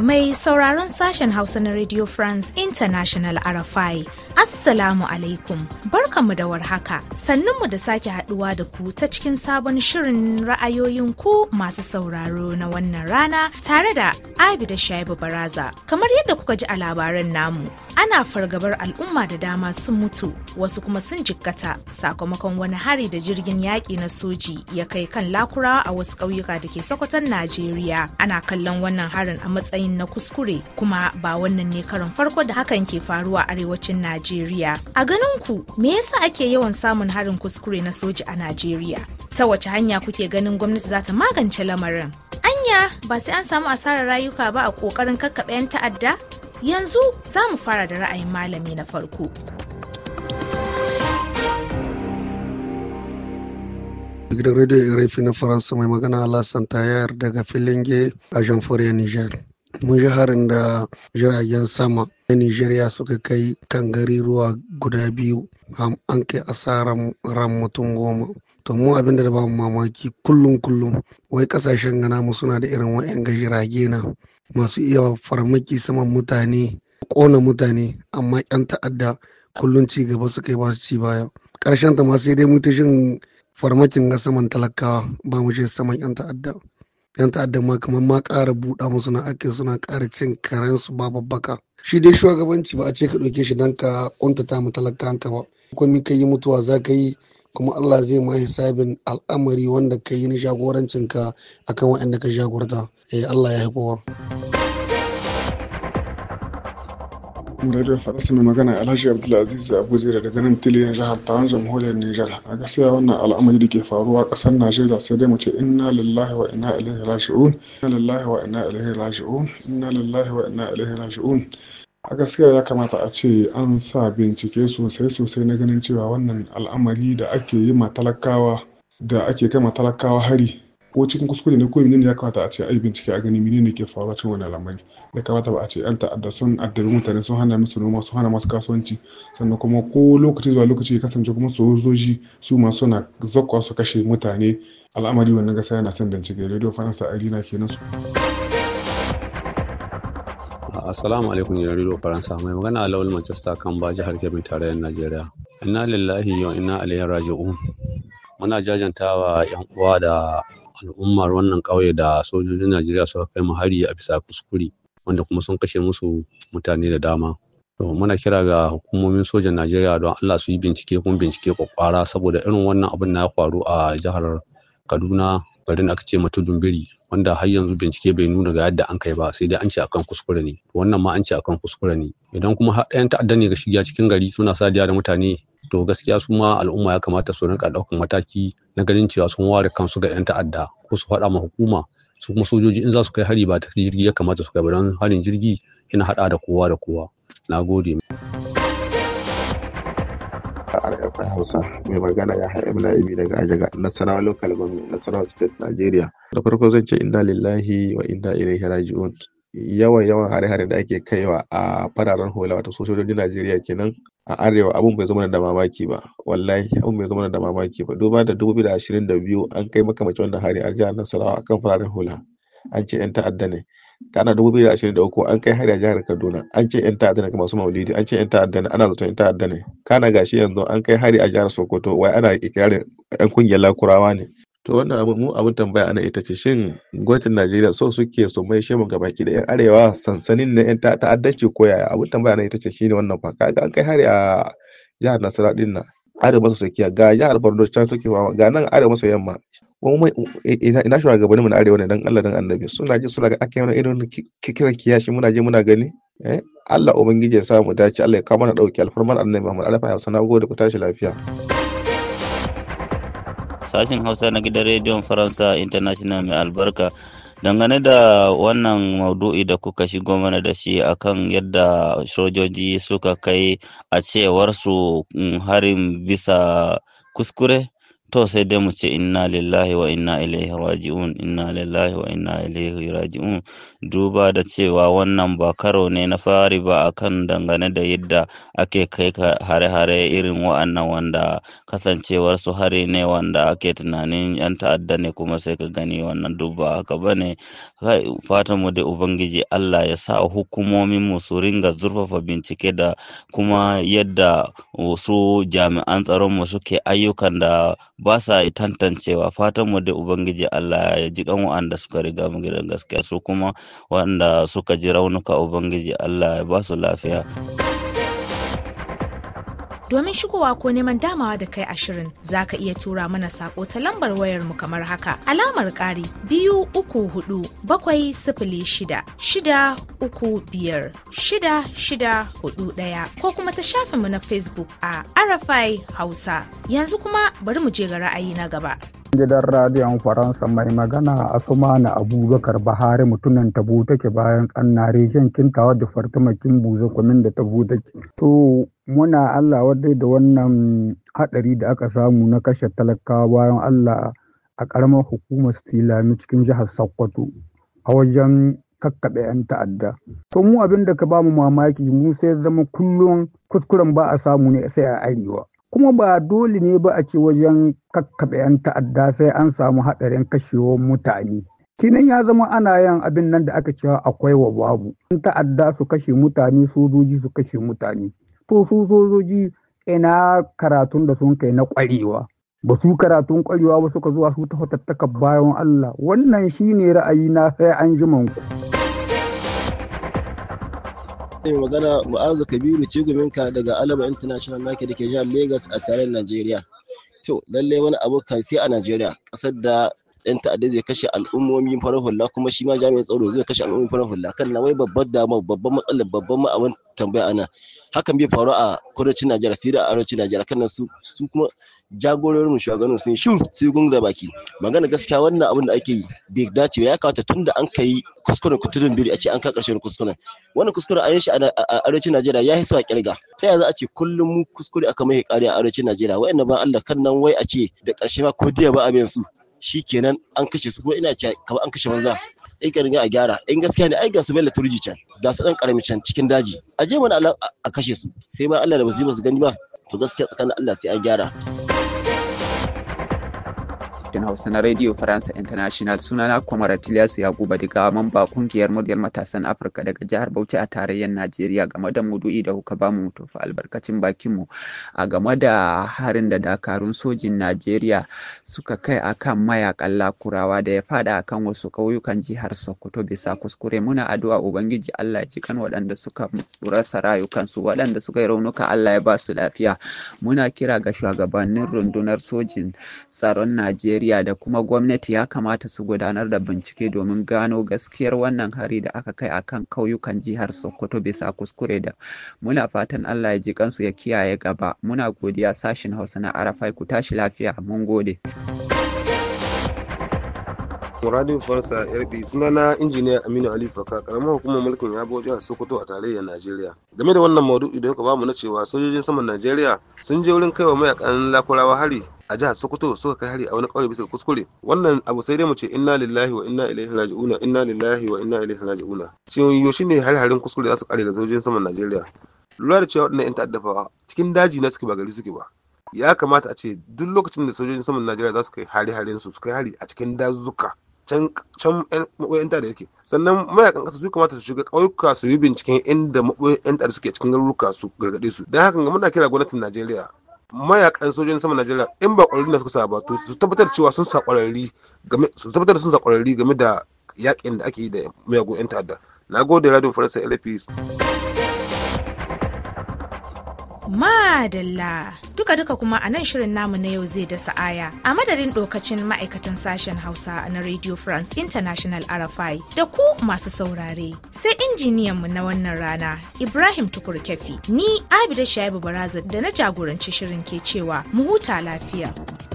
Mai sauraron sashen Hausa na Radio France International RFI, Assalamu alaikum, barkanmu da warhaka, sannunmu da sake haduwa da ku ta cikin sabon shirin ra'ayoyin ku masu sauraro na wannan rana tare da abi da Shaibu Baraza. Kamar yadda kuka ji a labaran namu, ana fargabar al'umma da dama sun mutu, wasu kuma sun jikkata sakamakon wani hari da jirgin yaƙi na soji ya kai kan lakurawa a wasu ƙauyuka da ke Sokoton Najeriya. Ana kallon wannan harin a matsayin na kuskure kuma ba wannan ne karin farko da hakan ke faruwa a arewacin Najeriya. A ganin ku, me yasa ake yawan samun harin kuskure na soji a Najeriya? Ta wace hanya kuke ganin gwamnati za ta magance lamarin? anya ba sai an samu asarar rayuka ba a ƙoƙarin kakkaɓe 'yan ta'adda yanzu za mu fara da ra'ayin malami na farko gidan rediyo rafi na faransa mai magana alasan tayar daga filinge a jamfuriya niger mun ji harin da jiragen sama na Nijeriya suka kai kan gari ruwa guda biyu an kai asarar ran mutum goma to mu abin da ba mamaki kullum kullum wai kasashen gana mu suna da irin wa'yan gajirage na masu iya farmaki saman mutane kona mutane amma yan ta'adda kullum ci gaba suka yi ba ci baya Karshen ta ma sai dai mutashin farmakin ga saman talakawa ba mu shi saman yan ta'adda yan ta'adda ma kamar ma ƙara buɗa musu na ake suna ƙara cin karen su ba babbaka shi dai shugabanci ba a ce ka ɗauke shi don ka ƙuntata mu talakanka ba komi ka yi mutuwa za ka yi kuma Allah zai ma hisabin al'amari wanda ka yi na jagorancinka akan waɗanda ka jagorta eh Allah ya kowa. Radio Faransa mai magana Alhaji Abdulaziz Abujira daga nan Tiliya jihar Tawan jamhuriyar Nijar. A gaskiya wannan al'amari da ke faruwa ƙasar Najeriya sai dai mu ce inna lillahi wa inna ilaihi raji'un. Inna lillahi wa inna ilaihi raji'un. Inna lillahi wa inna ilaihi raji'un. a gaskiya ya kamata a ce an sa bincike sosai-sosai na ganin cewa wannan al'amari da ake yi ma da ake kai ma talakawa hari ko cikin kuskure ne ko menene ya kamata a ce ai bincike a gani menene ke faruwa cikin wannan al'amari ya kamata ba a ce an ta'adda sun addabi mutane sun hana musu noma sun hana masu kasuwanci sannan kuma ko lokaci zuwa lokaci ya kasance kuma sojoji su ma suna zakwa su kashe mutane al'amari wannan gasa yana son bincike radio faransa a kenan su. Assalamu alaikum gidan Radio Faransa mai magana a Lawal Manchester kan ba jihar Kebbi tarayyar Najeriya. Ina lillahi wa ina alayyar raji'un. Muna jajanta wa yan uwa da al'ummar wannan ƙauye da sojojin Najeriya suka kai mu hari a bisa kuskure wanda kuma sun kashe musu mutane da dama. To muna kira ga hukumomin sojan Najeriya don Allah su yi bincike kuma bincike kwakwara saboda irin wannan abin na ya faru a jihar kaduna garin aka ce tudun biri wanda har yanzu bincike bai nuna ga yadda an kai ba sai dai an ce akan kuskure ne wannan ma an ce akan kuskure ne idan kuma har ɗayan ta'adda ne ga shiga cikin gari suna sadiya da mutane to gaskiya su ma al'umma ya kamata su rinka ɗaukan mataki na ganin cewa sun ware kansu ga 'yan ta'adda ko su faɗa ma hukuma su kuma sojoji in za su kai hari ba ta jirgi ya kamata su kai ba don harin jirgi yana haɗa da kowa da kowa na gode RFI Hausa mai magana ya haɗa mana ibi daga Ajaga Nasarawa Local Government Nasarawa State Nigeria. Da farko zan ce inda lillahi wa inna ilaihi raji'un. Yawan yawan hare-hare da ake kaiwa a fararen hula wato sojojin Najeriya kenan a arewa abun bai zama da mamaki ba wallahi abun bai zama da mamaki ba duba da 2022 an kai makamacin wannan hari a jihar Nasarawa kan fararen hula an ce 'yan ta'adda ne kana dubu biyu da ashirin da uku an kai hari a jihar kaduna an ce yan ta'adda ne ga masu maulidi an ce yan ta'adda ne ana zaton yan ta'adda ne kana gashi yanzu an kai hari a jihar sokoto wai ana ikirarin yan kungiyar lakurawa ne to wannan abu mu abin tambaya ana ita ce shin gwamnatin najeriya so suke su mai shi mu gabaki da yan arewa sansanin na yan ta'addanci ko yaya abin tambaya ana ita ce shine wannan fa kaga an kai hari a jihar nasara din nan arewa maso tsakiya ga jihar borno can suke ga nan arewa maso yamma kuma eh, ina shugabanninmu na arewa ne dan Allah dan annabi suna ji suna ga aka yi irin kiran kiyashi muna je muna gani eh Allah ubangiji ya sa mu dace Allah ya kawo mana dauki alfarman annabi Muhammad alfa ya sana gode ku tashi lafiya sashin Hausa na gidan rediyon Faransa International mai albarka dangane da wannan maudu'i da kuka shigo mana da shi akan yadda sojoji suka kai a cewar su mm, harin bisa kuskure to sai dai mu ce inna lillahi wa inna ilaihi raji'un inna lillahi wa inna ilaihi raji'un duba da cewa wannan ba karo ne na fari ba kan dangane da yadda ake kai ka hare-hare irin wa'annan wanda kasancewar su hari ne wanda ake tunanin yan ta'adda ne kuma sai ka gani wannan duba haka ne fatan mu da ubangiji Allah ya sa hukumomin mu su ringa zurfafa bincike da kuma yadda su jami'an tsaron mu suke ayyukan da ba sa tantancewa fatan mu dai ubangiji Allah ya ji kan wanda suka riga mu gidan gaskiya su kuma wanda suka ji raunuka ubangiji Allah ya ba su lafiya domin shigowa ko neman damawa da kai ashirin za ka iya tura mana saƙo ta lambar wayarmu kamar haka alamar ƙari biyu uku hudu bakwai sifili shida shida uku biyar shida shida hudu ɗaya ko kuma ta mu na facebook a arafai hausa yanzu kuma bari mu je ga ra'ayi na gaba. gidan radiyon faransa mai magana a asumani abubakar bahari mutumin tabu take bayan tsannare shan kintawa da fartuma kimbuza kwamin da tabu take to muna allah wadai da wannan hadari da aka samu na kashe talakawa bayan allah a karamar hukumar silami cikin jihar sokoto a wajen kakkaɓe 'yan ta'adda. To mu abin da ka bamu mamaki mu sai zama kullum kuskuren ba a samu ne sai a arewa. kuma ba dole ne ba a ce wajen kakkaɓe 'yan ta'adda sai an samu haɗarin kashewar mutane kinan ya zama ana yin abin nan da aka cewa akwai wa babu in ta'adda su kashe mutane sojoji su kashe mutane to su sojoji ina karatun da sun kai na ƙwarewa ba su karatun ƙwarewa ba suka zuwa su ta bayan Allah wannan shine ra'ayi na sai an ji manku. Mai magana Mu'azu Kabiru Ciguminka daga Alaba International Market da ke jihar Lagos a tarayyar Najeriya. To, lallai wani abu kan sai a Najeriya, ƙasar da ɗan ta'adda zai kashe al'ummomi farar hula kuma shi ma jami'in tsaro zai kashe al'ummomi farar hula kan na wai babbar damar, babban matsalar babban ma'aban tambaya ana hakan bai faru a kudancin Najeriya sai da arewacin Najeriya kan na su kuma jagororin mu shugabannin sun shin su gunza baki magana gaskiya wannan abin da ake yi bai dace ya tun tunda an kai kuskuren kuturin biri a ce an ka karshen kuskuren wannan kuskuren an yi shi a arewacin Najeriya ya hisu a kirga Sai yaya za a ce kullum mu kuskure aka mai kare a arewacin Najeriya wa'annan ba Allah kan nan wai a ce da karshe ma ko da ba abin su shikenan an kashe su ko ina ce kamar an kashe banza in ka a gyara in gaskiya ne ai ga su bai turji can ga su dan karami can cikin daji a je mana a kashe su sai ba Allah da ba su gani ba to gaskiya tsakanin Allah sai an gyara sashen Hausa na Radio France International sunana Kwamar Tiliyasu ba daga mamba kungiyar muryar matasan Afirka daga jihar Bauchi a tarayyar Najeriya game da maudu'i da kuka bamu mu tofa albarkacin bakinmu a game da harin da dakarun sojin Najeriya suka kai akan mayakan lakurawa da ya fada a kan wasu ƙauyukan jihar Sokoto bisa kuskure muna addu'a ubangiji Allah ya cikan waɗanda suka rasa rayukansu waɗanda suka yi raunuka Allah ya ba su lafiya muna kira ga shugabannin rundunar sojin tsaron Najeriya Najeriya da kuma gwamnati ya kamata su gudanar da bincike domin gano gaskiyar wannan hari da aka kai akan kauyukan jihar Sokoto bisa kuskure da muna fatan Allah ya ji kansu ya kiyaye gaba muna godiya sashin Hausa na Arafai ku tashi lafiya mun gode. Radio Farsa RB sunana injiniya Aminu Ali Faka karamar hukumar mulkin Yabo jihar Sokoto a tarayyar Najeriya. Game da wannan maudu'i da ba bamu na cewa sojojin saman Najeriya sun je wurin kaiwa mayakan lakurawa hari a jihar Sokoto suka kai hari a wani ƙauye bisa kuskure wannan abu sai dai mu ce inna lillahi wa inna ilaihi raji'un inna lillahi wa inna ilaihi raji'un shin yaushe ne har-harin kuskure za su kare ga sojojin saman Najeriya lura da cewa waɗannan 'yan ta'addafawa cikin daji na suke ba gari suke ba ya kamata a ce duk lokacin da sojojin saman Najeriya za su kai hari harin su kai hari a cikin dazuka can can 'yan da yake sannan mayakan ƙasa su kamata su shiga ƙauyuka su yi binciken inda maɓoyin da suke cikin garuruka su gargaɗe su don haka muna kira gwamnatin Najeriya mayakan sojojin sama Najeriya in ba kwararri da suka sa to su tabbatar cewa sun sa kwararri game su tabbatar sun sa kwararri game da yakin da ake yi da mayagun 'yan ta'adda. Na gode Radio Faransa LPS. Madalla duka-duka kuma a nan shirin namu na yau zai dasa aya a madadin dokacin ma'aikatan sashen Hausa na Radio France International RFI da ku masu saurare sai injiniyan mu na wannan rana Ibrahim Tukur Kefi ni Abida Shaibu Baraza da na jagoranci shirin ke cewa mu huta lafiya.